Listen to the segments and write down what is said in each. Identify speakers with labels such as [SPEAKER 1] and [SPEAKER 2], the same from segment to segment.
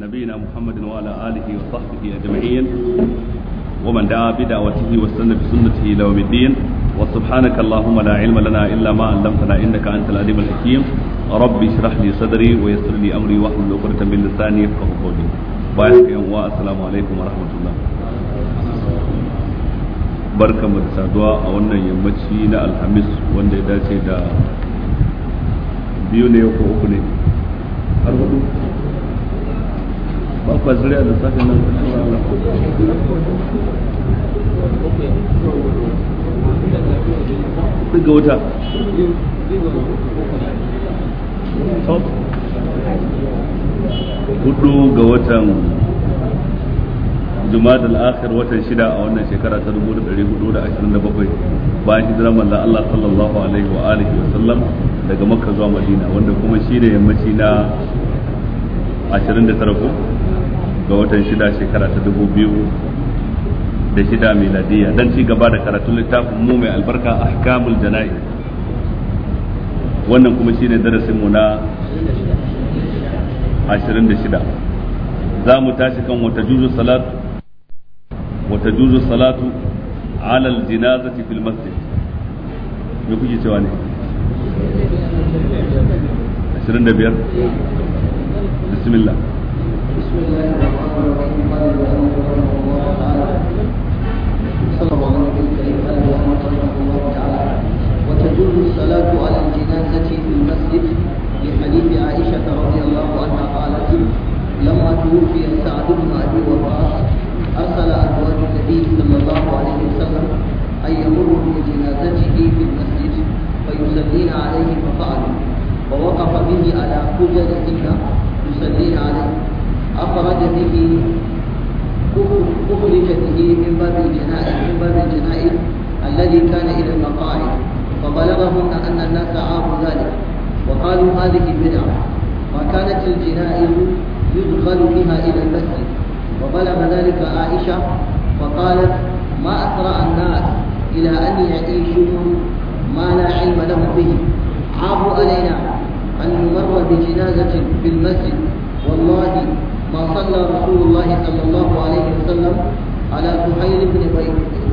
[SPEAKER 1] نبينا محمد وعلى آله وصحبه أجمعين ومن دعا بدعوته واستنى بسنته إلى يوم الدين وسبحانك اللهم لا علم لنا إلا ما علمتنا إنك أنت العليم الحكيم ربي اشرح لي صدري ويسر لي أمري واحلل عقدة من لساني يفقهوا قولي بارك السلام عليكم ورحمة الله barka mu da saduwa a wannan yammaci na alhamis wanda ya dace da biyu ne ko uku ne har hudu ba kwa zuri a lissafin nan daga wuta hudu ga watan jumada akhir watan shida a wannan shekara ta 1427 bayan hijirar manzon Allah sallallahu alaihi wa alihi wa sallam daga Makka zuwa Madina wanda kuma shi ne yammaci na 29 ko ga watan shida shekara ta dubu biyu da shida miladiya don ci gaba da karatun littafin mu mai albarka a ahkamul jana'i wannan kuma shine darasin mu na 26 za mu tashi kan wata juzu salatu wata juzu salatu alal jinazati fil masjid me kuke cewa ne 25 bismillah بسم الله
[SPEAKER 2] الرحمن الرحيم قال المؤلف رحمه الله تعالى صلى الله عليه وسلم قال المؤلف رحمه الله تعالى وتجوز الصلاة على الجنازة في المسجد لحديث عائشة رضي الله عنها قالت لما توفي سعد بن أبي وقاص أرسل أزواج النبي صلى الله عليه وسلم أن يمروا بجنازته في المسجد فيصلين عليه ففعلوا ووقف به على حجرهن يصلين عليه أخرج به أخرجت به من باب الجنائز من باب الجنائز الذي كان إلى المقاعد فبلغهم أن الناس عاروا ذلك وقالوا هذه بدعة وكانت الجنائز يدخل بها إلى المسجد وبلغ ذلك عائشة فقالت ما أسرع الناس إلى أن يعيشوا ما لا علم لهم به عابوا علينا أن نمر بجنازة في المسجد والله ما صلى رسول الله صلى الله عليه وسلم على سهيل بن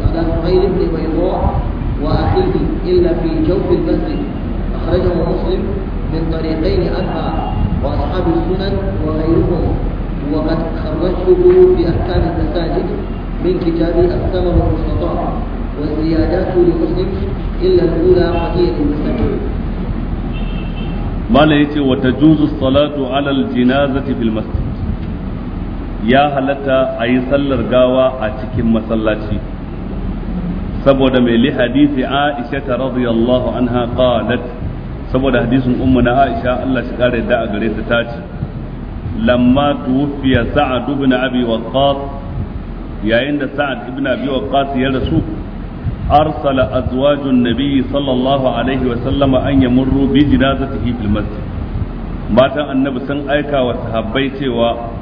[SPEAKER 2] على سهيل بن بيضاء وأخيه إلا في جوف المسجد أخرجه مسلم من طريقين اربع وأصحاب السنن وغيرهم وقد خرجته في أحكام المساجد من كتاب الثمر المستطاع والزيادات لمسلم إلا الأولى قضية المساجد
[SPEAKER 1] ما ليتي وتجوز الصلاة على الجنازة في المسجد ya halatta a yi sallar gawa a cikin masallaci saboda mai li hadisi Aisha ta radiyallahu anha qalat saboda hadisin ummu na Aisha Allah shi kare da a gare ta ta ce lamma tuwfiya Sa'ad ibn Abi Waqqas yayin da Sa'ad ibn Abi Waqqas ya rasu arsala azwajun nabiy sallallahu alaihi wa sallama an yamurru bi jinazatihi fil masjid matan annabi sun aika wa sahabbai cewa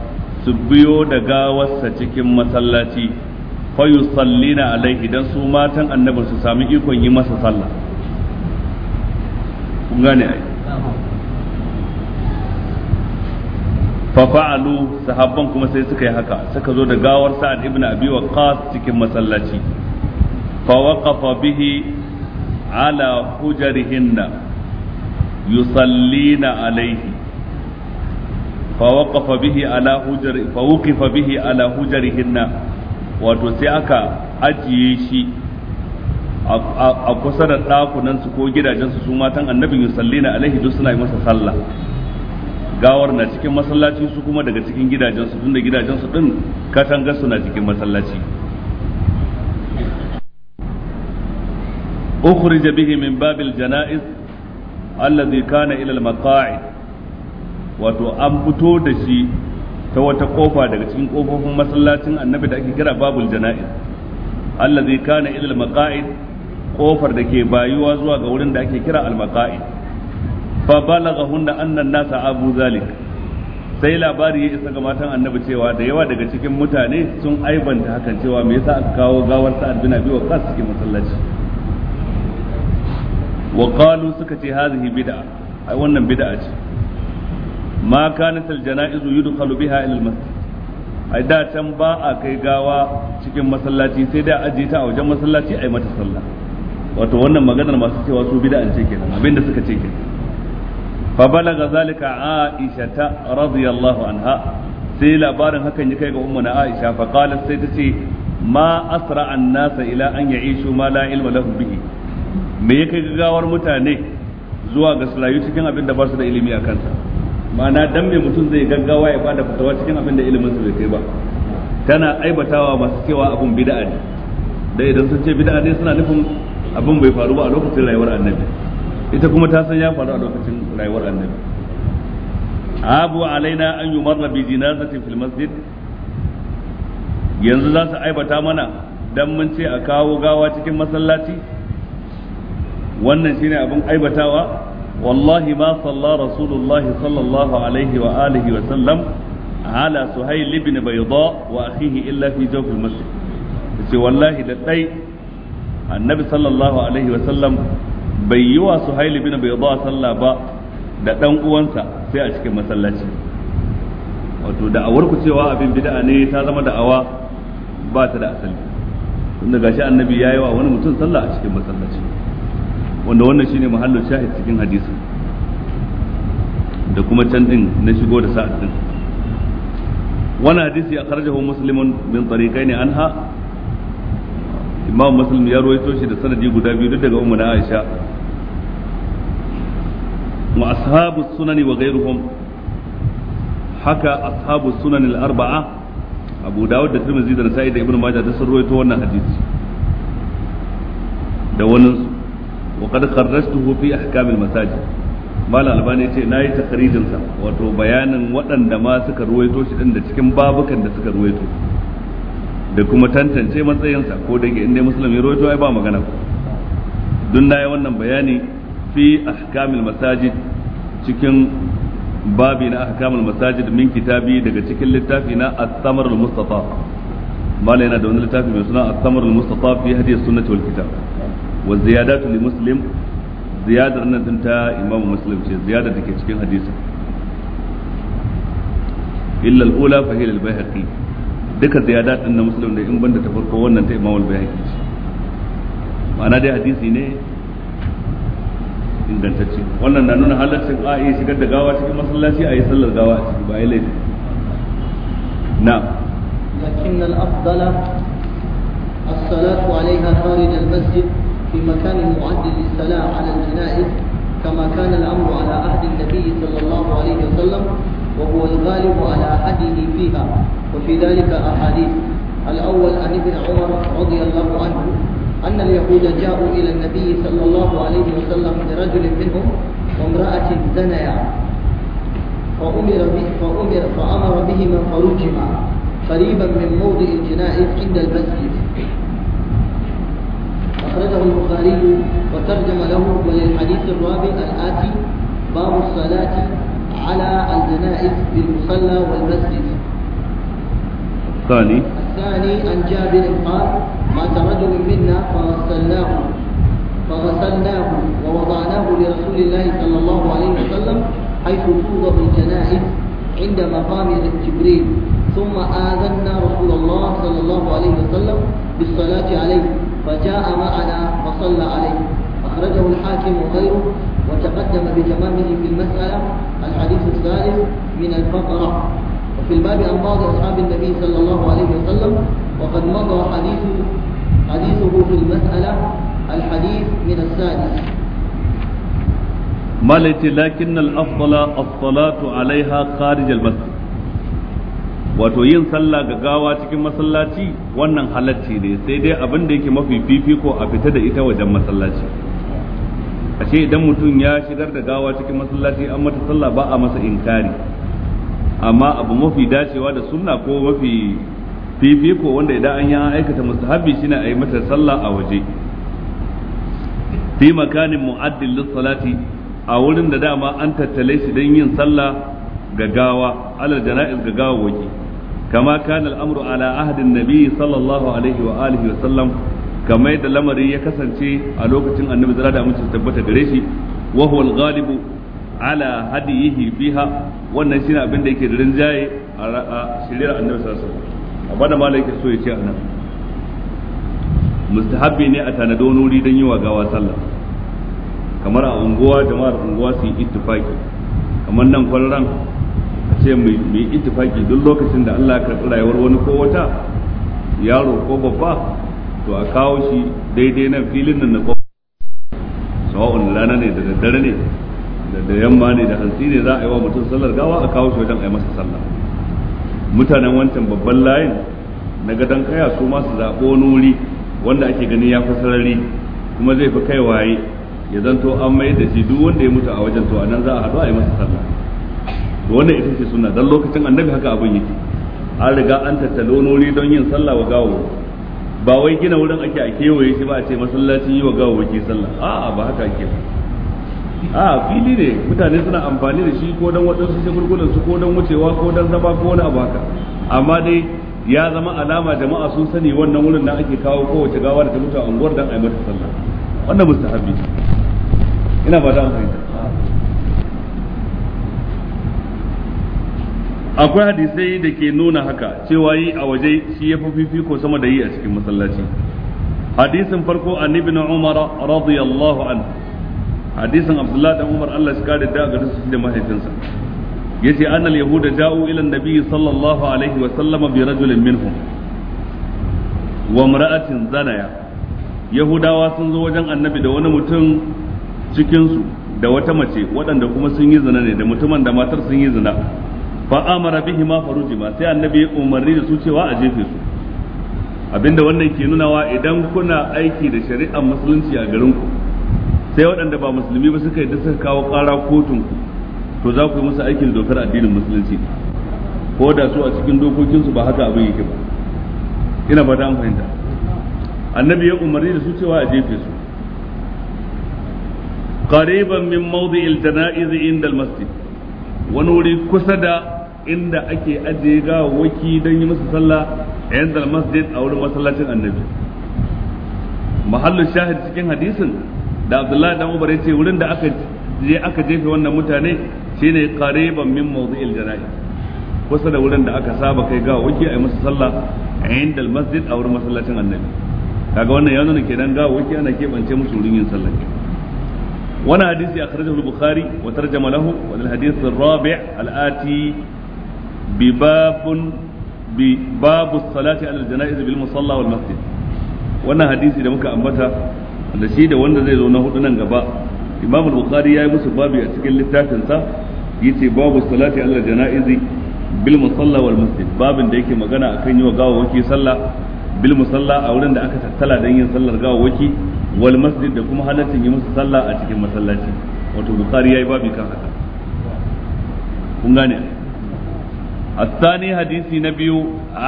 [SPEAKER 1] su biyo da gawarsa cikin masallaci na alaihi dan su matan annabin su sami ikon yi masa sallah kun gane ai fafa'alu sahabban kuma sai suka yi haka suka zo da gawar sa'ad ibn abi qas cikin masallaci fa waqafa bihi ala hujarihinna yusallina alaihi فوقف به على حجر فوقف به على حجرهن wato sai aka ajiye shi a kusa da ɗakunan su ko gidajen su su matan annabin yusalli na alaihi duk suna yi masa sallah gawar na cikin masallaci su kuma daga cikin gidajen su tunda gidajen su din katangar su na cikin masallaci ukhrij bihi min babil janaiz alladhi kana ila al maqa'id wato an fito da shi ta wata kofa daga cikin kofofin masallacin annabi da ake kira babul jana'iz allazi kana ilal maqa'id kofar da ke bayuwa zuwa ga wurin da ake kira al maqa'id fa balaghahunna anna an-nasa abu zalik sai labari ya isa ga matan annabi cewa da yawa daga cikin mutane sun aibanta hakan cewa me yasa aka kawo gawar sa'ad bin abi waqas cikin masallaci wa qalu suka ce hazihi bid'a ai wannan bid'a ce ma kanat al janaiz yudkhalu biha ila al masjid ai da can ba a kai gawa cikin masallaci sai da aje ta a wajen masallaci ai mata sallah wato wannan maganar masu cewa su bid'a ce kenan abinda suka ce kenan fa balaga zalika aisha ta radiyallahu anha sai labarin hakan ya kai ga ummu na aisha fa qalat sai ta ce ma asra an nasa ila an ya'ishu ma la ilma lahum bihi me ya kai gawar mutane zuwa ga sulayu cikin abinda ba su da ilimi a kansa ma'ana dan me mutum zai gaggawa ya bada fatawa cikin abin da ilimin su bai kai ba tana aibatawa masu cewa abun bid'a ne da idan sun ce bid'a ne suna nufin abin bai faru ba a lokacin rayuwar annabi ita kuma ta san ya faru a lokacin rayuwar annabi abu alaina an yumarna bi jinazatin fil masjid yanzu za su aibata mana dan mun ce a kawo gawa cikin masallaci wannan shine abin aibatawa wallahi ma salla rasulullah sallallahu alaihi wa alihi wa sallam ala suhail ibn bayda wa akhihi illa fi jawf al-masjid sai wallahi da dai annabi sallallahu alaihi wa sallam bai yi wa ba da dan uwansa sai a cikin masallaci wato da'awar ku cewa abin bid'a ne ta zama da'awa ba ta da asali tunda gashi annabi yayi wa wani mutum sallah a cikin masallaci wanda wannan shine mahallin shahid cikin hadisi da kuma can din na shigo da sa'ad din wannan hadisi a karjahu muslimun min tariqaini anha imam muslim ya rawaito shi da sanadi guda biyu duk daga ummu na aisha wa ashabu sunani wa ghayruhum haka ashabu sunan al-arba'a abu dawud da tirmidhi da nasa'i da ibnu majah da sun wannan hadisi da wani wa qad kharrajtuhu fi ahkam al-masajid mala albani ce nayi takrijin sa wato bayanin waɗanda ma suka ruwaito shi din da cikin babukan da suka ruwaito da kuma tantance matsayinsa ko da yake inda muslim ya ruwaito ai ba magana dun nayi wannan bayani fi ahkamil masajid cikin babi na ahkamul masajid min kitabi daga cikin littafi na at-samar al-mustafa mala yana da wani littafi mai suna at-samar al-mustafa fi hadith sunnati wal kitab wa ziyadatu li muslim ziyadar nan din imam muslim ce ziyadar da ke cikin hadisin illa al-ula fa hiya duka ziyadat na muslim da in ta farko wannan ta imam al-bayhaqi ce ma'ana dai hadisi ne ingantacce wannan na nuna halaccin a yi shigar da gawa cikin masallaci a yi sallar gawa a ciki ba yi laifi na
[SPEAKER 2] في مكان معد للصلاة على الجنائز كما كان الأمر على عهد النبي صلى الله عليه وسلم وهو الغالب على عهده فيها وفي ذلك أحاديث الأول عن ابن عمر رضي الله عنه أن اليهود جاءوا إلى النبي صلى الله عليه وسلم برجل منهم وامرأة زنيا فأمر, به فأمر, فأمر بهما فرجما قريبا من موضع الجنائز عند المسجد أخرجه البخاري وترجم له وللحديث الرابع الآتي باب الصلاة على الجنائز بالمصلى والمسجد
[SPEAKER 1] الثاني الثاني عن جابر قال
[SPEAKER 2] مات رجل منا فغسلناه فغسلناه ووضعناه لرسول الله صلى الله عليه وسلم حيث توضع الجنائز عند مقام جبريل ثم آذنا رسول الله صلى الله عليه وسلم بالصلاة عليه فجاء معنا وصلى عليه أخرجه الحاكم وغيره وتقدم بتمامه في المسألة الحديث الثالث من الفقرة وفي الباب عن بعض أصحاب النبي صلى الله عليه وسلم وقد مضى حديثه حديثه في المسألة الحديث من السادس
[SPEAKER 1] مالتي لكن الأفضل الصلاة عليها خارج المسجد wato yin sallah ga gawa cikin masallaci wannan halacci ne sai dai abin da yake mafi fifiko a fita da ita wajen masallaci ashe idan mutum ya shigar da gawa cikin masallaci an mata sallah ba a masa inkari amma abu mafi dacewa da sunna ko mafi fifiko wanda idan an yi aikata mustahabi shine a yi mata sallah a waje fi makanin mu'addin lissalati a wurin da dama an tattale shi don yin sallah gagawa alal jana'iz gagawa waki kama kana al'amru ala ahadin nabi sallallahu alaihi wa alihi wa sallam kamar yadda lamari ya kasance a lokacin annabi zira da aminci tabbata da shi wa huwa ala hadiyihi fiha wannan shine abinda da yake da rinjaye a shirya annabi sallallahu alaihi wasallam abada malai yake so ya ce anan mustahabbi ne a tanado wuri don yi wa gawa sallah kamar a unguwa jama'ar unguwa su yi kamar nan kwallon ce mu yi ittifaki duk lokacin da Allah ya karɓi rayuwar wani ko wata yaro ko babba to a kawo shi daidai nan filin nan na ko sawa'un lana ne da daddare ne da yamma ne da hantsi ne za a yi wa mutum sallar gawa a kawo shi wajen a yi masa sallah mutanen wancan babban layin na gadon kaya su masu zaɓo nuri wanda ake gani ya fi sarari kuma zai fi kai waye ya zanto an mai da shi duk wanda ya mutu a wajen to a nan za a haɗu a yi masa sallah wannan ita ce sunna dan lokacin annabi haka abin yake an riga an tattalo nori don yin sallah wa gawo ba wai gina wurin ake a kewaye shi ba a ce masallaci yi wa gawo ke sallah a'a ba haka ake a fili ne mutane suna amfani da shi ko dan waɗansu shagulgulan su ko dan wucewa ko dan zama ko wani abu haka amma dai ya zama alama jama'a sun sani wannan wurin da ake kawo kowace gawa da ta mutu a unguwar dan a yi mata sallah wannan mustahabi ina ba da amfani akwai hadisai da ke nuna haka cewa yi a waje shi ya fi fifiko sama da yi a cikin masallaci hadisin farko an ibn umar radiyallahu an hadisin abdullah dan umar Allah shi kare da garin su da mahaifinsa yace annal yahuda ja'u ila nabi sallallahu alaihi wa sallam bi rajulin minhum wa imra'atin zanaya yahudawa sun zo wajen annabi da wani mutum cikin su da wata mace waɗanda kuma sun yi zina ne da mutumin da matar sun yi zina fa amara bihi ma ma sai annabi umarni da su cewa a jefe su abinda wannan ke nunawa idan kuna aiki da shari'ar musulunci a garin ku sai waɗanda ba musulmi ba suka yi da suka kawo ƙara kotun ku to za ku yi musu aikin dokar addinin musulunci ko da su a cikin dokokinsu ba haka abin yake ba ina ba an fahimta annabi ya umarni da su cewa a jefe su qariban min mawdi'il jana'iz inda al-masjid wani wuri kusa da inda ake ajiye gawawwaki don yi musu sallah a inda masjid a wurin masallacin annabi mahallin shahid cikin hadisin da abdullahi dan ya ce wurin da aka je aka jefe wannan mutane shine qariban min mawdi'il jana'i kusa da wurin da aka saba kai gawawwaki a yi musu sallah a inda masjid a wurin masallacin annabi kaga wannan ya nuna kenan gawawwaki ana keɓance musu wurin yin sallah hadisi وانا حديث اخرجه البخاري وترجم له والحديث al-Ati. bibabun bi babu salati alal janaiz bil musalla wannan hadisi da muka ambata da shi wanda zai zo na hudu nan gaba imam bukhari ya yi musu babu a cikin littafin sa yace babu salati alal janaiz bil musalla babin da yake magana akan yi wa gawawaki sallah bil a wurin da aka tattala don yin sallar da kuma yi musu sallah a cikin masallaci wato bukhari yayi الثاني حديث نبي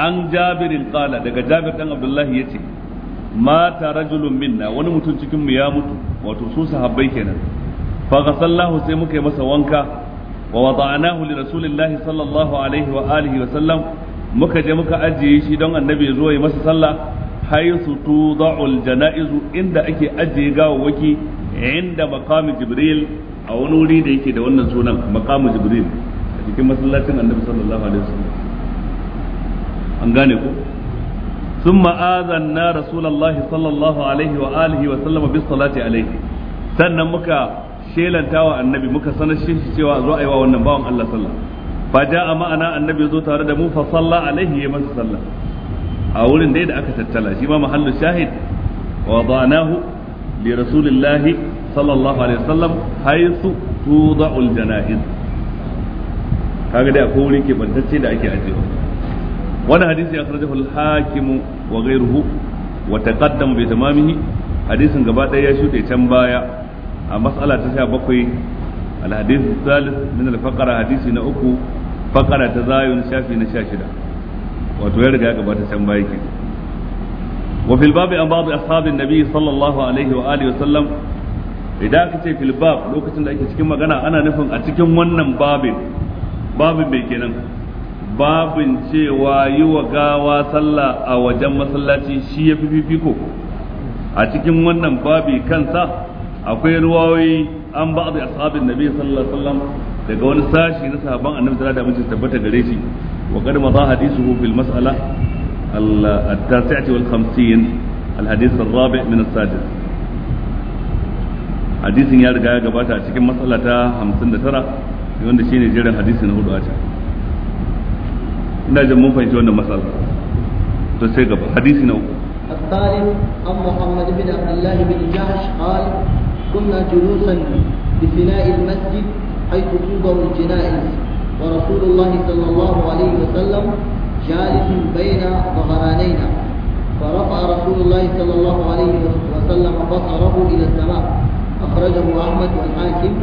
[SPEAKER 1] عن جابر قال دقى جابر بن عبد الله يتي مات رجل منا wani mutum cikin mu ya mutu wato su sahabbai kenan fa ghasallahu sai muka yi masa wanka wa wada'nahu li rasulillahi sallallahu alaihi wa alihi wa sallam muka je muka ajiye shi don annabi ya zo ya masa sallah haythu tuda'u al-janaizu inda ake ajiye gawawwaki inda maqami jibril a wani wuri da yake da wannan sunan maqamu jibril a cikin masallacin annabi sallallahu alaihi wasallam an gane ko ثم آذنا رسول الله صلى الله عليه وآله وسلم بالصلاة alaihi sannan muka wa annabi muka sanar shi cewa zo wa wannan bawan Allah sallah fa a ma'ana annabi zo tare da mu fa salla alaihi ya masa sallah a wurin dai da aka tattala shi ma mahallu shahid wa danahu li rasulillahi sallallahu alaihi wasallam haythu tuda'ul janaiz kaga dai akwai wuri ke da ake ajiyewa wani hadisi ya karjafa al-hakim wa ghayruhu wa taqaddama bi tamamihi hadisin gaba ɗaya ya shuɗe can baya a mas'ala ta sha bakwai, hadith thalith min al-faqara hadisi na uku faqara ta zayun shafi na sha shida. wato ya riga ya gabata can baya ke wa fil babi an babu ashabin nabi sallallahu alaihi wa alihi wa sallam idan aka ce fil bab lokacin da ake cikin magana ana nufin a cikin wannan babin babin mai kenan babin cewa yi wa gawa sallah a wajen masallaci shi ya fi fifiko a cikin wannan babi kansa akwai ruwayoyi an ba da asabin nabi sallallahu alaihi wasallam daga wani sashi na sahaban annabi sallallahu alaihi wasallam tabbata gare shi wa qad madha hadithuhu fil mas'ala at-tasi'ati wal 50 الحديث الرابع من السادس hadisin ya riga ya gabata a cikin matsala ta 59 wanda shine jiran hadisi na hudu a can ina jin mun fahimci wannan matsala to sai gaba hadisi na uku
[SPEAKER 2] الثالث عن محمد بن عبد الله بن جهش قال كنا جلوسا بفناء المسجد حيث توضع الجنائز ورسول الله صلى الله عليه وسلم جالس بين ظهرانينا فرفع رسول الله صلى الله عليه وسلم بصره الى السماء اخرجه احمد والحاكم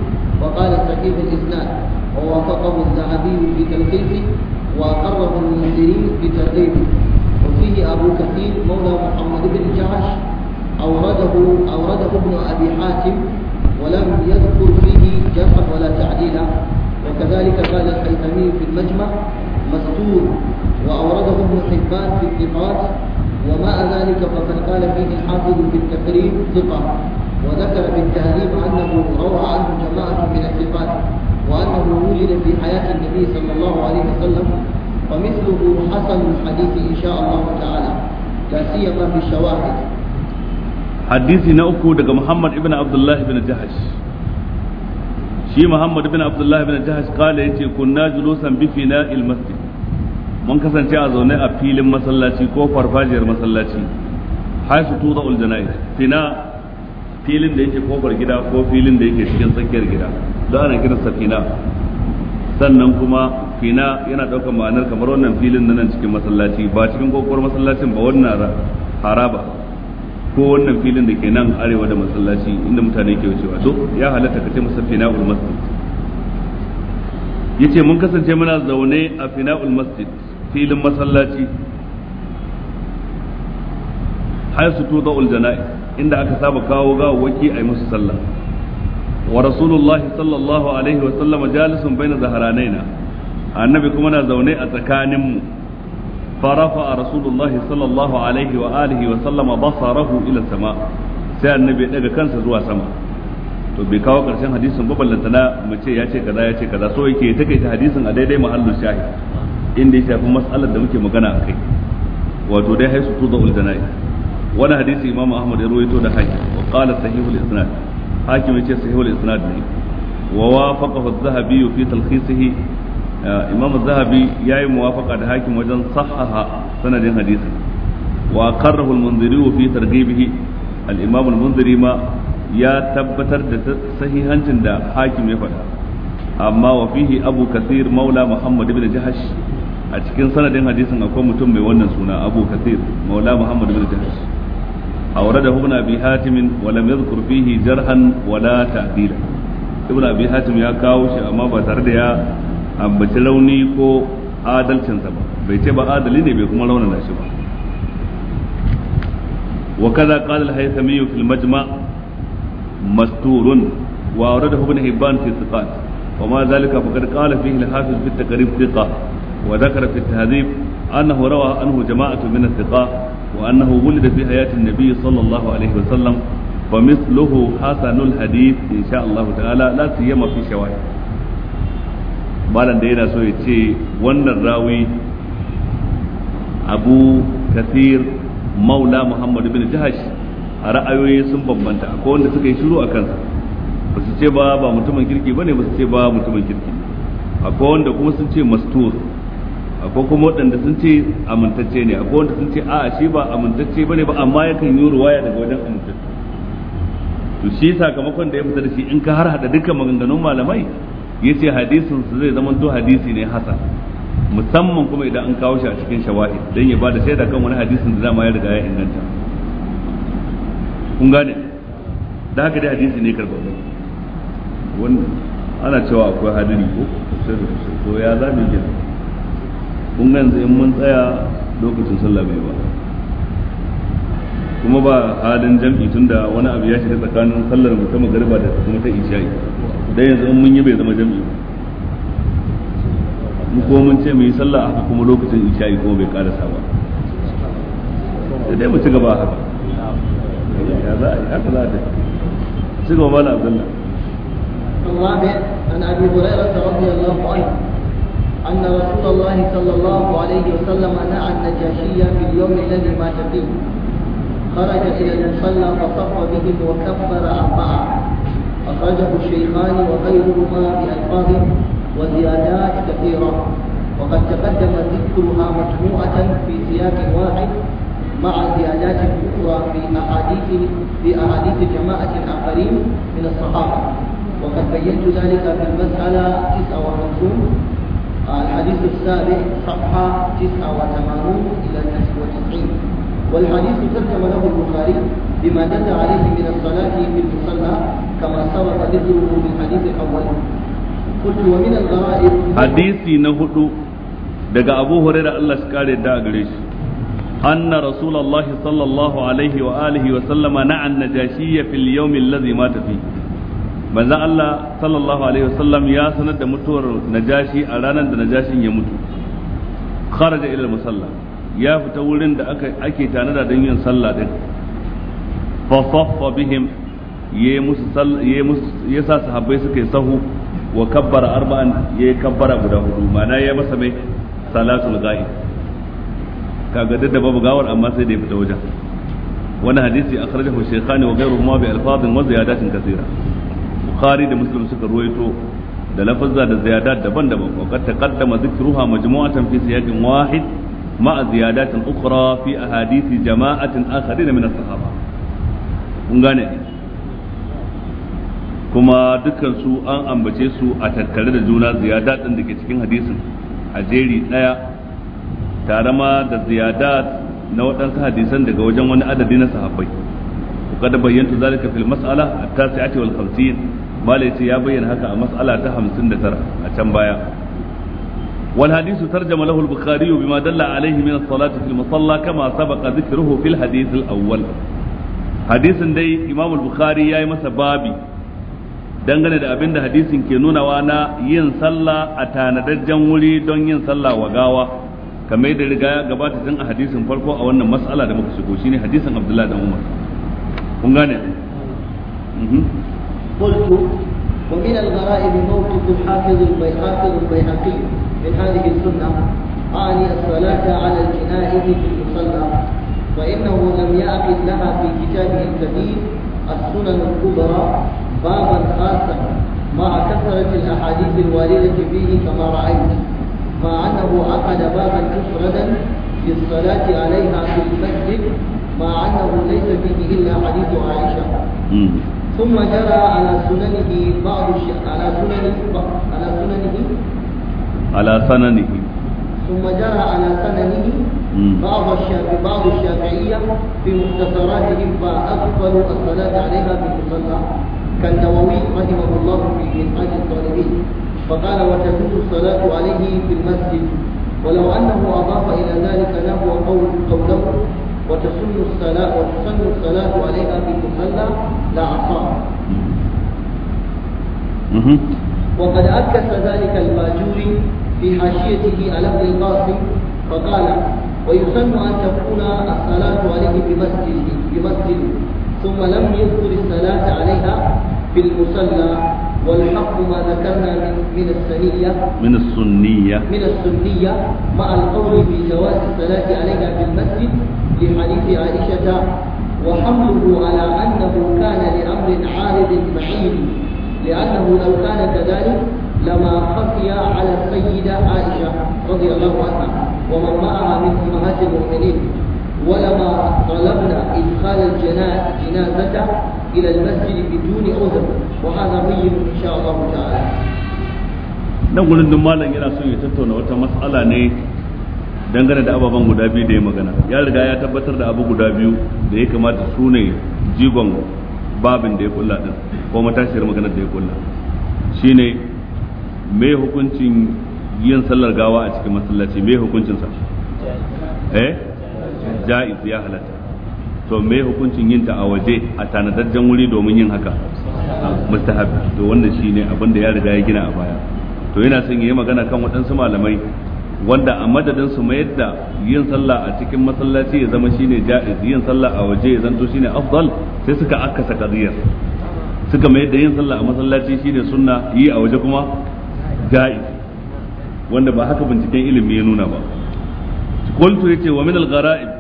[SPEAKER 2] وقال صحيح الإسناد ووافقه الذهبي في تلخيصه وأقره المنذري في ترغيبه وفيه أبو كثير مولى محمد بن جعش أورده أورده ابن أبي حاتم ولم يذكر فيه جرحا ولا تعديلا وكذلك قال الحيثمي في المجمع مستور وأورده ابن حبان في الثقات ومع ذلك فقد قال فيه الحافظ في التقريب ثقة وذكر في التهذيب أنه روى عنه جماعة من الثقات وأنه وجد في حياة النبي صلى الله عليه وسلم ومثله حسن الحديث إن شاء الله تعالى لا سيما في الشواهد
[SPEAKER 1] حديثي نأكو دقى محمد ابن عبد الله بن جهش شي محمد بن عبد الله بن جهش قال يتي كنا جلوسا بفناء المسجد من kasance a زوني a filin masallaci ko مسلاتي حيث توضع الجنائز فناء filin da yake kofar gida ko filin da yake cikin tsakiyar gida don ana kiransa fina sannan kuma fina yana ɗaukar ma'anar kamar wannan filin na nan cikin masallaci ba cikin kokowar masallacin ba wannan haraba ko wannan filin da ke nan arewa da masallaci inda mutane ke wucewa to ya halatta ka ce masa ul masjid yace mun kasance muna zaune a fina ul masjid filin masallaci haisu tuza ul janaiz inda aka saba kawo gawawwaki a yi musu sallah wa rasulullah sallallahu alaihi wa sallam jalisun baina zaharanaina annabi kuma na zaune a tsakanin mu farafa rasulullah sallallahu alaihi wa alihi wa sallama basarahu ila sama sai annabi ya daga kansa zuwa sama to bai kawo karshen hadisin ba ballanta na mu ya ce kaza ya ce kaza so yake take ta hadisin a daidai mahallin shahi inda ya shafi mas'alar da muke magana a kai wato dai haisu tuzaul janaiz wani hadisi imam ahmad ya ruwaito da hakim wa qala sahihul isnad hakim yace sahihul isnad ne wa wafaqahu az-zahabi fi talkhisihi uh, imam az-zahabi yayi muwafaqa da hakim wajen sahaha sanadin hadisi wa qarrahu al-munziri fi targhibihi al-imam al-munziri ma ya tabbatar da sahihancin da hakim ya faɗa amma wa fihi abu kasir maula muhammad ibn jahash a cikin sanadin hadisin akwai mutum mai wannan suna abu kasir maula muhammad ibn jahash أورده ابن أبي حاتم ولم يذكر فيه جرحا ولا تعديلا ابن أبي حاتم يا كاوش أما بسرد يا أم بتلوني كو آدل تنسبه بيتبا آدل لني بيكم لون ناشبا وكذا قال الهيثمي في المجمع مستور وأورده ابن حبان في الثقات وما ذلك فقد قال فيه الحافظ في التقريب ثقة وذكر في التهذيب أنه روى أنه جماعة من الثقات وأنه ولد في حياة النبي صلى الله عليه وسلم فمثله حسن الحديث إن شاء الله تعالى لا سيما في شواهد malam da yana so ya ce wannan rawi abu kathir maula muhammad bin jahash a ra'ayoyi sun bambanta akwai wanda suka yi shiru a kansa ba su ce ba ba mutumin kirki ba ne ba su ce ba mutumin kirki akwai wanda kuma sun ce mastur akwai kuma waɗanda sun ce amintacce ne akwai wanda sun ce a shi ba amintacce bane ba amma yakan yi ruwaya daga wajen amintacce to shi sakamakon da ya fita da shi in ka har hada dukkan maganganun malamai yace hadisin su zai zama to hadisi ne hasan musamman kuma idan an kawo shi a cikin shawahi dan ya bada shaida kan wani hadisin da dama ya riga ya inganta kun gane da haka dai hadisi ne karɓar wannan ana cewa akwai hadiri ko sai ko ya zabi kenan kun ga yanzu in mun tsaya lokacin sallah bai ba kuma ba halin jam'i tunda wani abu ya shiga tsakanin sallar mu ta magariba da kuma ta isha'i dan yanzu in mun yi bai zama jam'i mu ko mun ce mu yi sallah haka kuma lokacin isha'i kuma bai karasa ba sai dai mu ci gaba haka ya za a yi haka za a ta ci gaba mala abdullah
[SPEAKER 2] الرابع عن ابي هريره رضي الله عنه أن رسول الله صلى الله عليه وسلم نعى النجاشي في اليوم الذي مات فيه خرج إلى المصلى فصف بهم وكبر أربعة أخرجه الشيخان وغيرهما بألفاظ وزيادات كثيرة وقد تقدم ذكرها مجموعة في سياق واحد مع زيادات أخرى في أحاديث في أحاديث جماعة آخرين من الصحابة وقد بينت ذلك في المسألة 59 الحديث الثالث صفحة 89 إلى 99 والحديث ترجم له البخاري بما دل عليه من الصلاة في المصلى كما سبق ذكره في الحديث الأول قلت ومن الغرائب حديثي
[SPEAKER 1] نهدو daga أبو هريرة Allah shi kare da gare shi anna rasulullahi sallallahu alaihi wa alihi wa sallama na'an najashiyya fil yawmin manzon Allah sallallahu alaihi wasallam ya sanar da mutuwar najashi a ranar da najashin ya mutu kharaja ila musalla ya fita wurin da aka ake tanada don yin sallah din fa saffa bihim ya musu yayi musu yasa sahabbai suka yi sahu wa kabbara arba'an yayi kabbara guda hudu ma'ana ya masa mai salatul ghaib kaga da babu gawar amma sai da ya fita wajen Wani hadisi akhrajahu shaykhani wa ghayruhuma bi alfazin wa ziyadatin kaseera bukhari da muslim suka ruwaito da lafazza da ziyadat daban-daban wa qad taqaddama dhikruha majmu'atan fi siyaqin wahid ma'a ziyadatin ukhra fi ahadisi jama'atin akharin min as-sahaba kun gane kuma dukkan su an ambace su a tattare da juna ziyadat din dake cikin hadisin a jeri daya tare ma da ziyadat na waɗansu hadisan daga wajen wani adadi na sahabbai وقد بينت ذلك في المسألة التاسعة والخمسين مالك يا بين هكا مسألة تهم سنة ترى أتم بايا والحديث ترجم له البخاري بما دل عليه من الصلاة في المصلى كما سبق ذكره في الحديث الأول حديث دي إمام البخاري يا مس بابي dangane da abin da hadisin ke nunawa na yin sallah a tanadajjen wuri don yin sallah wa gawa kamar da riga gabata tun a hadisin farko a wannan mas'ala da muka shigo shine hadisin Abdullahi dan Umar kun gane ne mm-hmm.
[SPEAKER 2] قلت ومن الغرائب موقف الحافظ الحافظ البيهقي من هذه السنة أعني الصلاة على الجنائز في المصلى فإنه لم يعقد لها في كتابه الكبير السنن الكبرى بابا خاصا مع كثرة الأحاديث الواردة فيه كما رأيت مع أنه عقد بابا مفردا للصلاة عليها في المسجد مع أنه ليس فيه إلا حديث عائشة ثم جرى على سننه بعض على سننه على سننه على سننه ثم جرى على سننه بعض الشافعي بعض الشافعية في مختصراتهم فأقبلوا الصلاة عليها في المصلى كالنووي رحمه الله في منهاج الطالبين فقال وتجوز الصلاة عليه في المسجد ولو أنه أضاف إلى ذلك نحو قول قوله وتسن الصلاة وتسن الصلاة عليها في المصلى لا عصا وقد أكد ذلك الماجوري في حاشيته على ابن القاسم فقال ويسن أن تكون الصلاة عليه بمسجد بمسجد ثم لم يذكر الصلاة عليها في المصلى والحق ما ذكرنا من من السنية من السنية من السنية مع القول جواز الصلاة عليها في المسجد لحديث عائشة وحمله على أنه كان لأمر عارض بعيد لأنه لو كان كذلك لما خفي على السيدة عائشة رضي الله عنها ومن معها من أمهات المؤمنين ولما طلبنا إدخال الجنازة إلى المسجد بدون عذر وهذا بين إن شاء الله تعالى
[SPEAKER 1] nan gurin duk malam yana so ya tattauna wata matsala ne dangane da ababen guda biyu da ya magana ya riga ya tabbatar da abu guda biyu da ya kamata su ne jigon babin da ya kulla din ko matashiyar maganar da ya kulla shine me hukuncin yin sallar gawa a cikin masallaci me hukuncin sa
[SPEAKER 2] eh ja'iz
[SPEAKER 1] ya halatta to me hukuncin yin ta a waje a tanadajjen wuri domin yin haka mustahab to wannan shine abin da ya riga ya gina a baya to yana son yayi magana kan waɗansu malamai wanda a madadin su mayar da yin sallah a cikin masallaci ya zama shine ja'iz yin sallah a waje ya zanto shine afdal sai suka akasa qadiyar suka mayar da yin sallah a masallaci shine sunna yi a waje kuma ja'iz wanda ba haka binciken ilimi ya nuna ba qultu yace wa min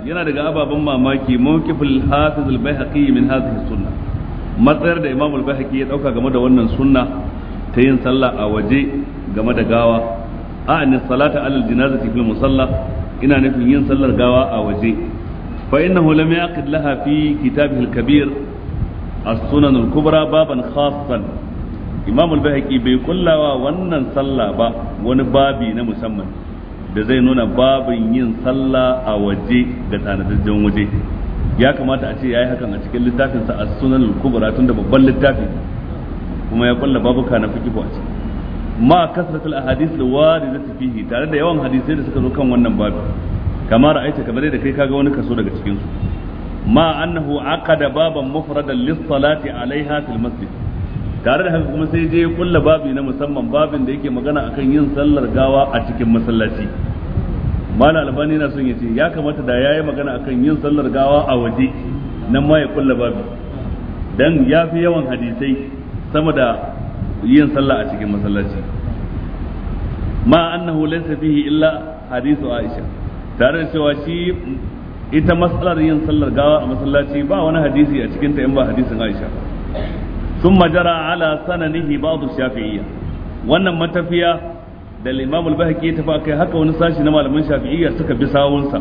[SPEAKER 1] yana daga ababan mamaki mawqifil hafiz al-baihaqi min hadhihi sunnah matsayar da imam al-baihaqi ya game da wannan sunna ta yin sallah a waje game da gawa a'ani salata alal janazati fil musalla ina nufin yin sallar gawa a waje fa innahu lam yaqid laha fi kitabihi al-kabir as-sunan al-kubra baban khassan imam al bai bai kullawa wannan sallah ba wani babi na musamman da zai nuna babin yin sallah a waje ga tsanadajjen waje ya kamata a ce yi hakan a cikin littafinsa a sunan al tun da babban littafi kuma ya kulla babuka na fiqh a ciki ma kasratul ahadith alwaridati fihi tare da yawan hadisai da suka zo kan wannan babu kamar ra'aita kamar da kai kaga wani kaso daga cikin su ma annahu aqada baban mufradan lis-salati alaiha fil masjid tare da haka kuma sai je ya kulla babi na musamman babin da yake magana akan yin sallar gawa a cikin masallaci mala albani na son ya ce ya kamata da yayi magana akan yin sallar gawa a waje nan ma ya kulla babi dan ya fi yawan hadisai sama da yin sallah a cikin masallaci ma annahu laysa fihi illa hadithu aisha tare da cewa shi ita matsalar yin sallar gawa a masallaci ba wani hadisi a cikin ta in ba hadisin aisha Sun jara ala sananihi ba'd shafi'iyya wannan matafiya da Imam al-Bahqi ya tafi kai haka wani sashi na malaman shafi'iyya suka bi sawunsa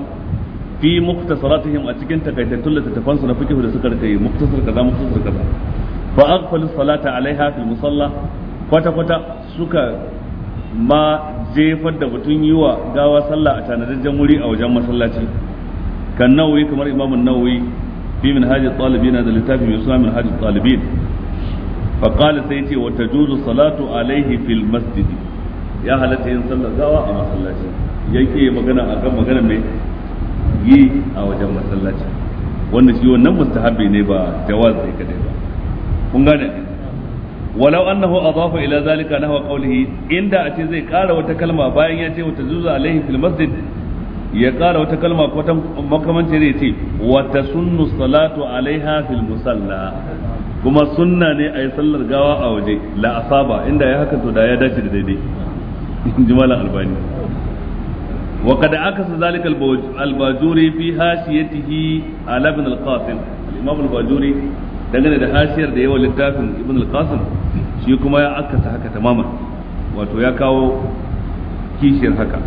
[SPEAKER 1] fi muktasaratihim a cikin takaitattun littattafan su na fiqh da suka rika yi muktasar kaza muktasar kaza fa aghfalu salata alaiha fil musalla kwata suka majefar da batun yi wa gawa sallah a tanadajjen wuri a wajen masallaci kan nawawi kamar imamun nawawi fi da littafi mai min hajji فقال سيتي وتجوز الصلاة عليه في المسجد يا هلتي إن صلى غوا أما صلاتي yake magana a kan magana mai yi a wajen masallaci wanda shi wannan mustahabi ne ba jawaz ne kadai ba kun gane ne walau annahu adafa ila zalika nahwa qawlihi inda ace zai kara wata kalma bayan ya ce wa tazuzu alaihi fil ya kara wata kalma ko ta makamanci ne ce salatu alaiha fil kuma sunna ne a yi sallar gawa a waje la asaba inda ya haka to da ya dace da daidai in ji albani wa qad akasa zalika al-bajuri fi hasiyatihi ala ibn al-qasim al-imam al-bajuri dangane da hasiyar da yawa littafin ibn al-qasim shi kuma ya akasa haka tamaman wato ya kawo kishiyar haka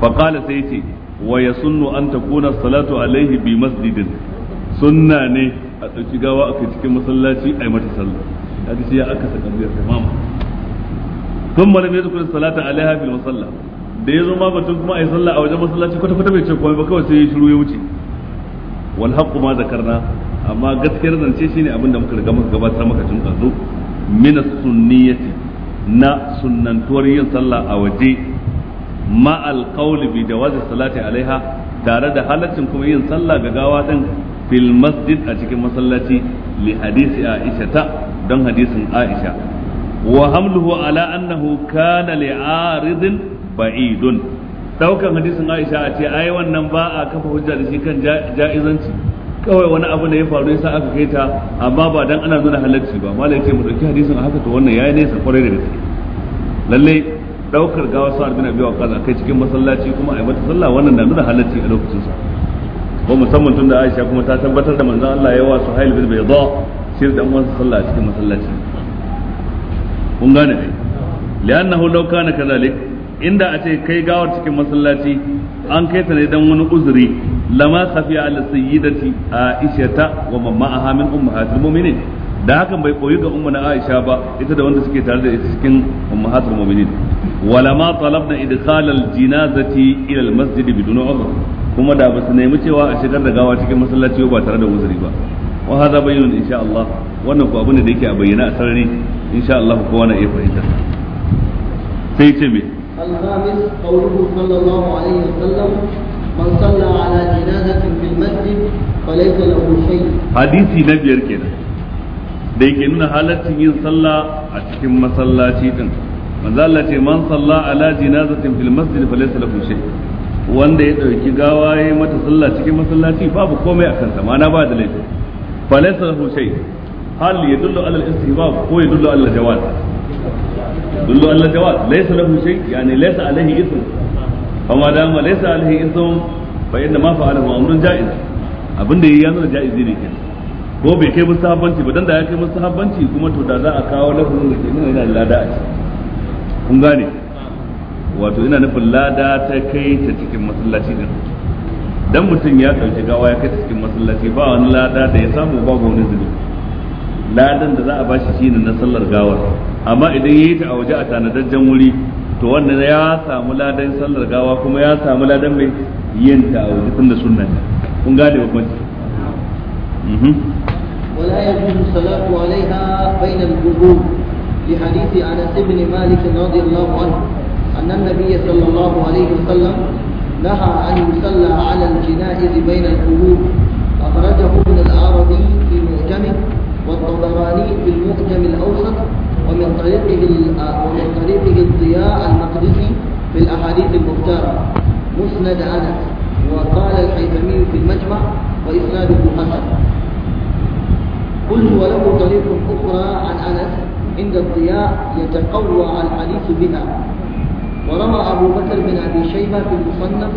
[SPEAKER 1] faqala sai ce wa yasunnu an takuna salatu alaihi bi masjidin sunna ne a ɗauki gawa a kai cikin masallaci a yi mata sallah kaga ya aka saka biyar tamama kun malam ya zukurin salata alaiha fil masalla da ya zo ma batun kuma a yi sallah a wajen masallaci kwata kwata bai ce komai ba kawai sai ya shiru ya wuce wal haqqu ma zakarna amma gaskiyar nan ce shine abin da muka riga muka gabatar maka tun kazo min sunniyati na sunnantuwar yin sallah a waje ma al qawli bi jawazi salati alaiha tare da halaccin kuma yin sallah ga gawa din fil masjid a cikin masallaci li hadisi Aisha ta don hadisin Aisha wa hamluhu ala annahu kana li aridin ba'idun hadisin Aisha a ce ai wannan ba a kafa hujja shi kan ja'izanci kawai wani abu ne ya faru yasa aka kai ta amma ba dan ana nuna halarci ba malai ce mu dauki hadisin a haka to wannan yayi nesa kwarai da gaske lalle daukar gawa sa'ad bin abi waqas kai cikin masallaci kuma ai mata sallah wannan na nuna halarci a lokacin ba musamman tun da Aisha kuma ta tabbatar da manzon Allah su Suhail bin Bayda shi da uwansa sallah cikin masallaci kun gane dai li'annahu law kana kadhalik inda a ce kai gawar cikin masallaci an kai ta ne dan wani uzuri lama khafiya ala sayyidati Aisha ta wa mamma'aha min ummahatil mu'minin da hakan bai koyi ga ummu na Aisha ba ita da wanda suke tare da ita cikin ummahatul mu'minin ولما طلبنا إدخال الجنازة إلى المسجد بدون عذر kuma da ba su nemi cewa a shigar da gawa cikin masallaci ba tare da uzuri ba wa hada bayyinun insha Allah wannan ku abin da yake a bayyana a sarari insha Allah kowa na iya fahimta sai ce me
[SPEAKER 2] الخامس قوله صلى الله عليه وسلم من صلى على جنازة في المسجد فليس له
[SPEAKER 1] Hadisi na biyar kenan da yake nuna halaccin yin sallah a cikin masallaci din manzo Allah ce man salla ala jinazatin fil masjid lahu shay wanda ya dauki gawa mata sallah cikin masallaci babu komai akan sa mana ba da laifi falaysa lahu shay hal yadullu ala al-istihbab ko yadullu ala jawaz
[SPEAKER 2] yadullu ala jawaz
[SPEAKER 1] laysa lahu shay yani laysa alayhi ithm amma dama laysa alayhi ithm fa inna ma fa'alahu amrun ja'iz abinda yayi ya nuna ja'izi ne kenan ko bai kai mustahabbanci ba dan da ya kai mustahabbanci kuma to da za a kawo lafazin da ke nuna yana lada a ciki kun gane wato ina nufin lada ta kai ta cikin masallaci din dan mutum ya ɗauki gawa ya kai ta cikin masallaci ba wani lada da ya samu ba wani zubi ladan da za a bashi shine na sallar gawar amma idan yayi ta a waje a tanadajjen wuri to wannan ya samu ladan sallar gawa kuma ya samu ladan mai yin ta a waje tunda sunna ne kun gane ba kwanci
[SPEAKER 2] ولا يجوز الصلاة عليها بين القبور في حديث أنس بن مالك رضي الله عنه أن النبي صلى الله عليه وسلم نهى أن يصلى على الجنائز بين القبور أخرجه ابن العربي في معجمه والطبراني في المعجم الأوسط ومن طريقه ومن طريقه الضياء المقدسي في الأحاديث المختارة مسند أنس وقال الحيثمي في المجمع وإسناده حسن قلت وله طريق أخرى عن أنس عند الضياء يتقوى الحديث بها وروى أبو بكر بن أبي شيبة في المصنف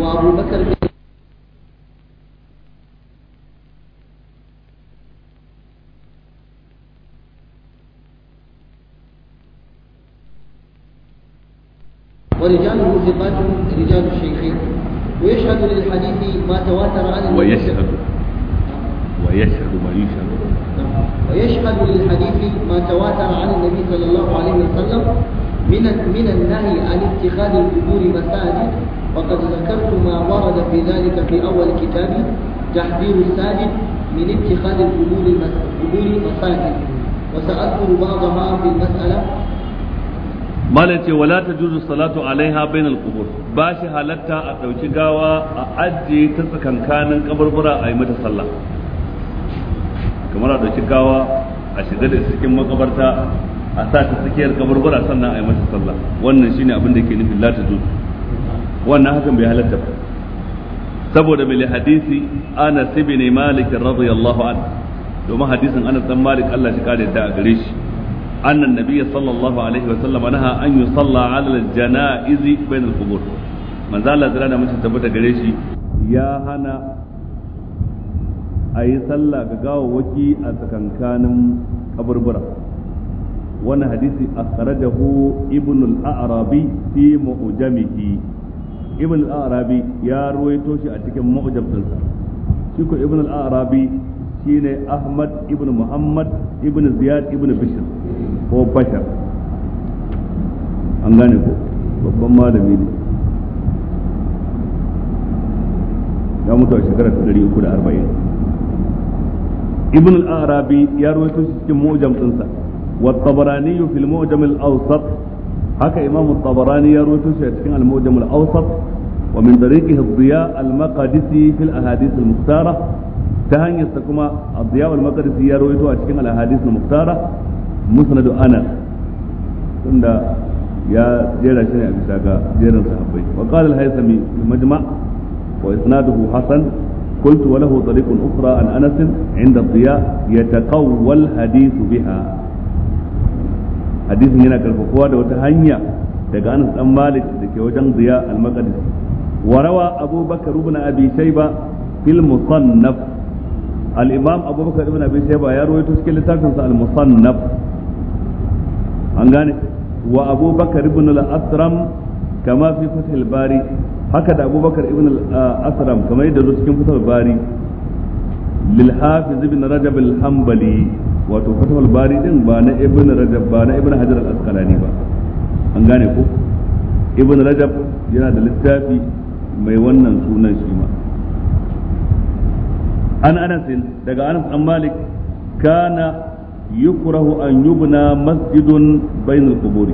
[SPEAKER 2] وأبو بكر بن
[SPEAKER 1] ورجاله ثقات رجال الشيخين
[SPEAKER 2] ويشهد للحديث ما تواتر عن ويشهد
[SPEAKER 1] ويشهد ما يشهد ويشهد للحديث ما تواتر عن النبي صلى الله عليه
[SPEAKER 2] وسلم من من النهي عن اتخاذ القبور مساجد وقد ذكرت ما ورد في ذلك في اول كتابي تحذير الساجد من اتخاذ القبور القبور مساجد وساذكر بعضها في المساله
[SPEAKER 1] malace wala ta juzu salatu alaiha bainal qubur ba shi halatta a ɗauki gawa a ajiye ta tsakankanin kabarbura a yi mata sallah kamar a ɗauki gawa a shiga da cikin makabarta a sa ta tsakiyar kabarbara sannan a yi mata sallah wannan shine abin da ke nufin la ta wannan hakan bai halatta ba saboda mai hadisi Anas ibn Malik radiyallahu an domin hadisin ana san Malik Allah shi kare da gare shi أن النبي صلى الله عليه وسلم نهى أن يصلى على الجنائز بين القبور من ذا الله تعالى من gare shi. ya hana. a yi sallah ga gawawaki a tsakankanin kaburbura wani hadisi a da hu ibn al’arabi fi ma'ujamiki ibn al ya ruwaito shi a cikin mu'jam dinsa shi ko ibn al’arabi shi ne ahmad ibn muhammad ibn ziyad ibn bishir ko bashar an gane ko babban malami ne ya mutu a shekarar 340 ibn al-arabi ya rawaito shi cikin mu'jam haka imam tabarani ya rawaito ta hanyar kuma ad ya a a majma' wa قلت وله طريق أخرى عن أنس عند الضياء يتقوى الحديث بها حديث هنا كالفقوة وتهنيا daga Anas dan Malik da ke wajen Ziya al-Maqdis wa rawa Abu Bakar ibn Abi Shayba al-Imam Abu Bakar ibn Abi Shayba ya rawaito cikin littafin sa al wa asram fi haka da abubakar ibn al-asram kamar yadda zo cikin fatal bari lil hafiz ibn rajab al-hanbali wato fatal bari din ba na ibn rajab ba na ibn hajar al-asqalani ba an gane ko ibn rajab yana da littafi mai wannan sunan shi ma an anas daga anas an malik kana yukrahu an yubna masjidun bainal quburi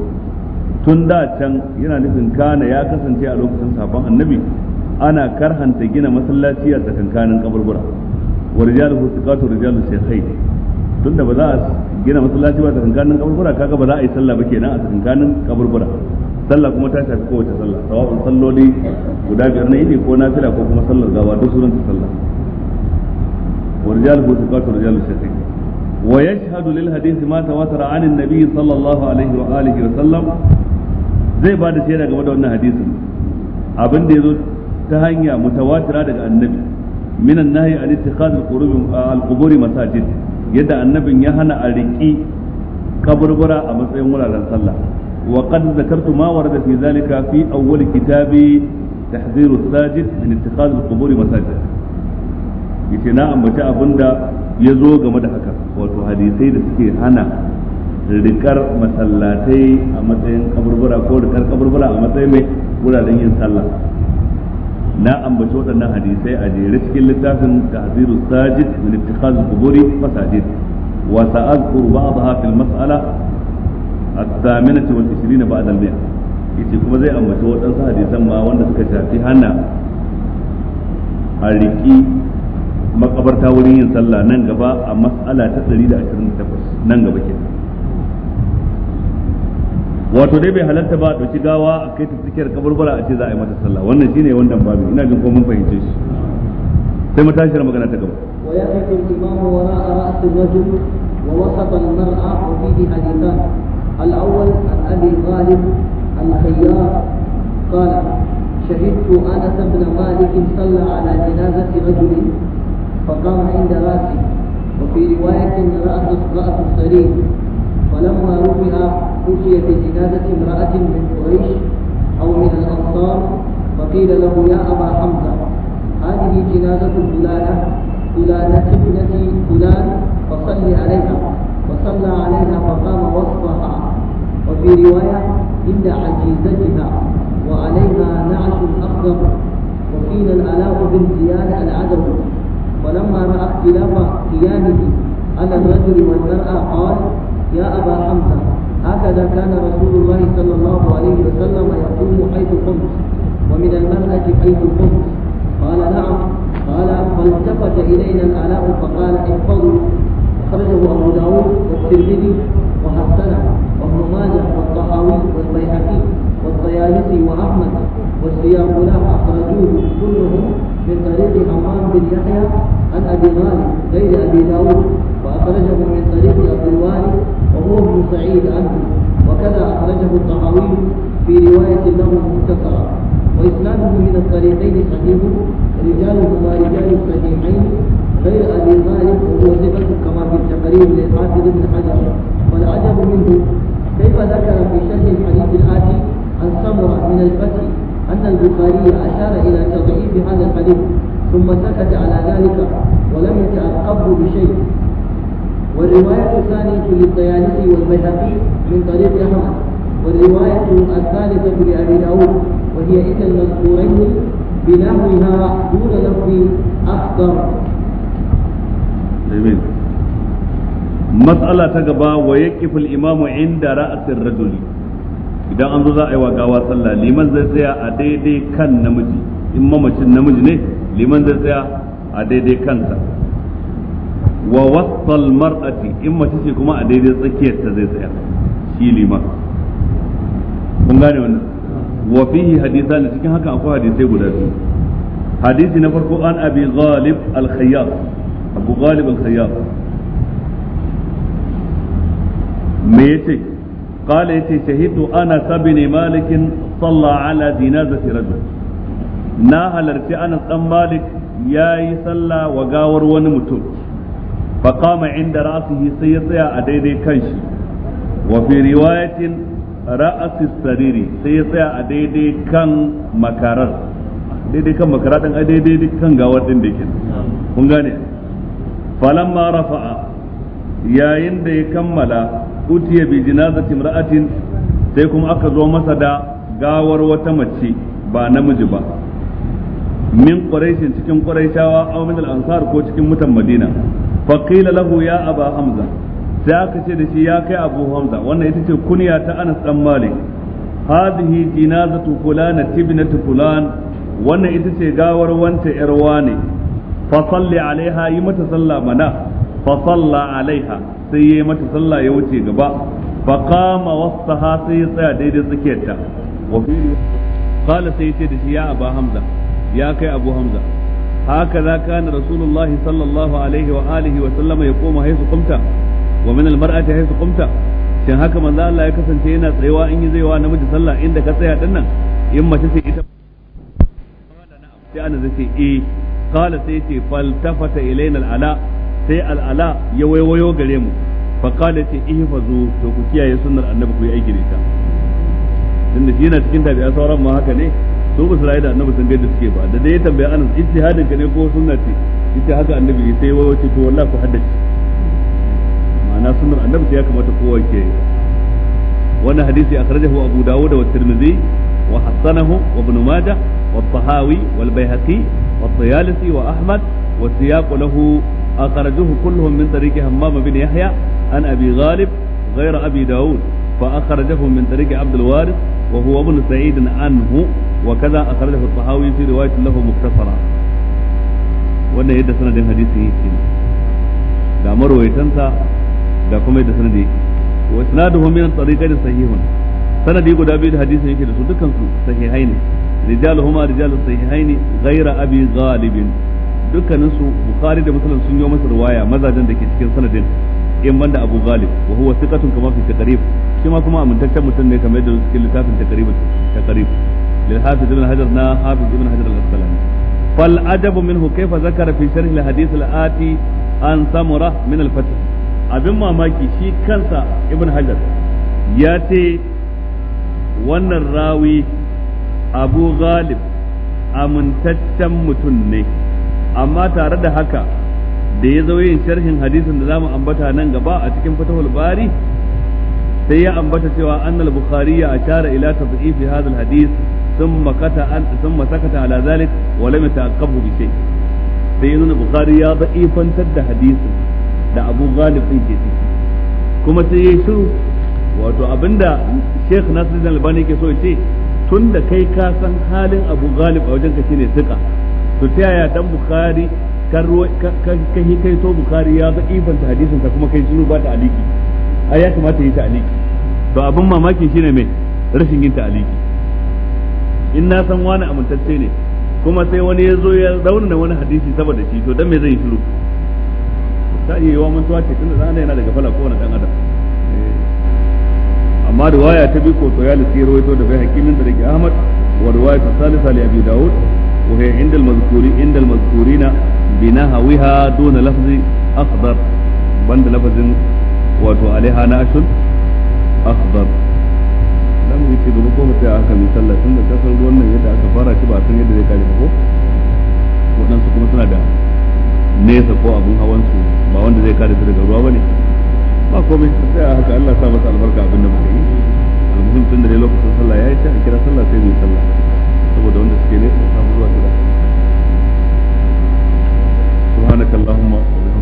[SPEAKER 1] tun da can yana nufin kana ya kasance a lokacin safan annabi ana karhanta gina masallaci a tsakankanin kaburbura wa rijaluhu thiqatu rijalu shaykhai tunda ba za a gina masallaci ba tsakankanin kaburbura kaga ba za a yi sallah ba kenan a tsakankanin kaburbura sallah kuma ta shafi kowace sallah sawa'un salloli guda biyar na yini ko nafila ko kuma sallar gawa duk sunan sallah wa rijaluhu thiqatu rijalu shaykhai ويشهد للحديث ما تواتر عن النبي صلى الله عليه وآله وسلم zai ba da shaida game da wannan hadisin abin da yazo ta hanya mutawatira daga annabi minan nahi an ittikhadh al-qubur masajid yadda annabin ya hana a riki kaburbura a matsayin wuraren sallah wa qad zakartu ma warada fi zalika fi awwal kitabi تحذير الساجد من اتخاذ القبور مساجد yace na ambaci abinda ya zo game da haka wato hadisai da suke hana rikar masallatai a matsayin kaburbura ko rikar kaburbura a matsayin mai wuraren yin sallah na ambaci waɗannan hadisai a jere cikin littafin tahziru sajid min ittikhaz quburi masajid wa sa'adhkuru ba'daha fil mas'ala الثامنة والعشرين بعد المئة yace kuma zai ambaci waɗansu hadisan ma wanda suka shafi hana a riki makabarta wurin yin sallah nan gaba a mas'ala ta 128 nan gaba kenan wato dai bai halarta ba dauki gawa a kai ta tsakiyar kaburbura a ce za a yi mata sallah wannan shine wannan babu ina jin ko mun fahimce shi sai matashiyar magana ta gaba
[SPEAKER 2] الأول عن أبي غالب الخيار قال شهدت أنس بن مالك صلى على جنازة رجل فقام عند رأسه وفي رواية رأس رأس السرير فلما رفع أتي بجنازة امرأة من قريش أو من الأنصار فقيل له يا أبا حمزة هذه جنازة فلانة فلانة ابنة فلان فصل عليها فصلى عليها فقام وصفها وفي رواية عند عجيزتها وعليها نعش أخضر وقيل الألاء بن زياد العدو فلما رأى اختلاف كيانه على الرجل والمرأة قال يا أبا حمزة هكذا كان رسول الله صلى الله عليه وسلم يقوم حيث قمت ومن المنهج حيث قمت قال نعم قال فالتفت إلينا الآلاء فقال احفظوا أخرجه أبو داود والترمذي وحسنه وابن ماجه والطحاوي والبيهقي والطيالسي وأحمد والسياقلاه أخرجوه كلهم من طريق عمار بن يحيى عن أبي غالب غير أبي داود أخرجه من طريق أبي وهو ابن سعيد عنه وكذا أخرجه الطحاوي في رواية له مختصرة وإسناده من الطريقين صحيح رجالهما رجال الصحيحين غير أبي طالب وهو ثقة كما في التقريب للحافظ ابن حجر والعجب منه كيف ذكر في شرح الحديث الآتي عن سمرة من الفتح أن البخاري أشار إلى تضعيف هذا الحديث ثم سكت على ذلك ولم يتعقبه بشيء والرواية الثانية للطيالسي والبيهقي من طريق أحمد والرواية الثالثة لأبي داود وهي إذا المذكورين بنحوها دون لفظ أخطر
[SPEAKER 1] جميل مسألة تقبى ويكف الإمام عند رأس الرجل idan an zo za a yi wa gawa sallah liman zai tsaya a daidai kan namiji in mamacin namiji ne liman zai tsaya a daidai kansa wa wasal mar'ati in mace ce kuma a daidai tsakiyar ta zai tsaya shi liman kun gane wannan wa fihi hadisan cikin haka akwai hadisai guda biyu hadisi na farko an abi ghalib al-khayyar abu ghalib al-khayyar me yace قال يتي شهدت أنس بن مالك صلى على جنازة رجل ناهل ارتي أنس أم مالك wa gawar wani mutum. fa qama inda ra'sihi ya tsaya a daidai kanshi wa fi riwayatin ra'asi sai ya tsaya a daidai kan makarar daidai kan makara din ai daidai kan gawar din da yake kun gane falamma rafa'a yayin da ya kammala utiya bi janazati imra'atin sai kuma aka zo masa da gawar wata mace ba namiji ba min quraishin cikin quraishawa aw min al-ansar ko cikin mutan madina faqila lahu ya aba hamza sai aka ce da shi ya kai abu hamza wannan ita ce kunya ta anas dan malik hadhihi jinazatu fulana tibnatu fulan wannan ita ce gawar wanta yar wane fa salli alaiha yi mata sallah mana fa salla alaiha sai yi mata sallah ya wuce gaba fa qama wasaha sai ya tsaya daidai tsakiyarta wa qala sai ya ce da shi ya aba hamza ya kai abu hamza هكذا كان رسول الله صلى الله عليه وآله وسلم يقوم حيث قمت ومن المرأة حيث قمت shin haka manzo Allah ya kasance yana tsayawa in yi zaiwa namiji sallah inda ka tsaya din nan in mace ce ita sai ana zai ce eh qala sai ce faltafata ilaina ala sai al'ala ya waiwayo gare mu fa qala ce ihfazu to ku kiyaye sunnar annabi ku yi aiki da ita tunda shi yana cikin tabi'a sauran mu haka ne su ba su rayu da annabi sun gaida suke ba da dai tambaya anas ijtihadin ka ne ko sunna ce ita haka annabi sai wai wace to wallahi ku haddace ma'ana sunnar annabi sai ya kamata kowa ke wannan hadisi akhrajahu abu dawud wa tirmidhi wa hasanahu wa ibn majah wa tahawi wal bayhaqi wa tayalisi wa ahmad wa siyaq lahu akhrajuhu kulluhum min tariqi hammam bin yahya an abi ghalib غير أبي داود فأخرجه من طريق عبد الوارث وهو ابن سعيد عنه وكذا أخرجه الطحاوي في رواية له مختصرة وأن يد سند الحديث يكي دا مروي تنسى دا كما يد سند وإسناده من الطريقين صحيح سند يقول أبي الحديث يكي رسول صحيحين رجالهما رجال الصحيحين غير أبي غالب dukkaninsu bukhari da muslim sun yi masa riwaya mazajen da ke cikin sanadin in banda abu galib wa huwa thiqatun kama fi taqrib shi ma kuma amintaccen mutum ne kamar yadda suke littafin taqrib taqrib lil hafiz ibn hajar na hafiz ibn hajar al-asqalani fal ajabu minhu kayfa zakara fi sharh al-hadith al an samura min al-fath abin mamaki shi kansa ibn hajar ya ce wannan rawi abu ghalib amintaccen mutum ne amma tare da haka da ya zo yin sharhin hadisin da za mu ambata nan gaba a cikin fatahul bari sai ya ambata cewa annal bukhari ya ashara ila tadhif hadha al hadith ثم قطع ثم سكت على ذلك ولم يتعقبه بشيء sai ya nuna bukari ya za'ifantar da hadisin da abu galib din ke ciki kuma sai ya shiru wato abinda sheikh nasiruddin albani ke so ya ce tun da kai ka san halin abu galib a wajen ka shine suka to ta yaya dan bukari ka hi kai to bukari ya za'ifanta hadisin ka kuma kai shiru ba ta aliki ai ya kamata yi ta aliki to abin mamaki shine mai rashin yin ta aliki in na san wani amintacce ne kuma sai wani ya zo ya raunana wani hadisi saboda shi to dan me zai yi shiru ta iya yawa mantuwa ce tunda dan yana daga fala ko dan adam eh. amma riwaya ta bi ko to ya ya rawaito da bai hakimin da rike Ahmad wa riwaya ta salisa li Abi daud wa hiya inda al-mazkuri inda al-mazkurina binahawiha duna lafzi akhdar banda lafazin wato alaiha na ashud akhdar za mu yake gaba goma sai aka haka sallah tunda san ruwan nan yadda aka fara shi ba san yadda zai kare ba ko waɗansu kuma suna da nesa ko abun su ba wanda zai kare su daga ruwa bane ba komai ka tsaya haka Allah sa masa albarka abin da muka yi almuhim tun da dai lokacin sallah ya ta a kira sallah sai mu sallah saboda wanda suke nesa sabuwa da gida subhanakallahumma wa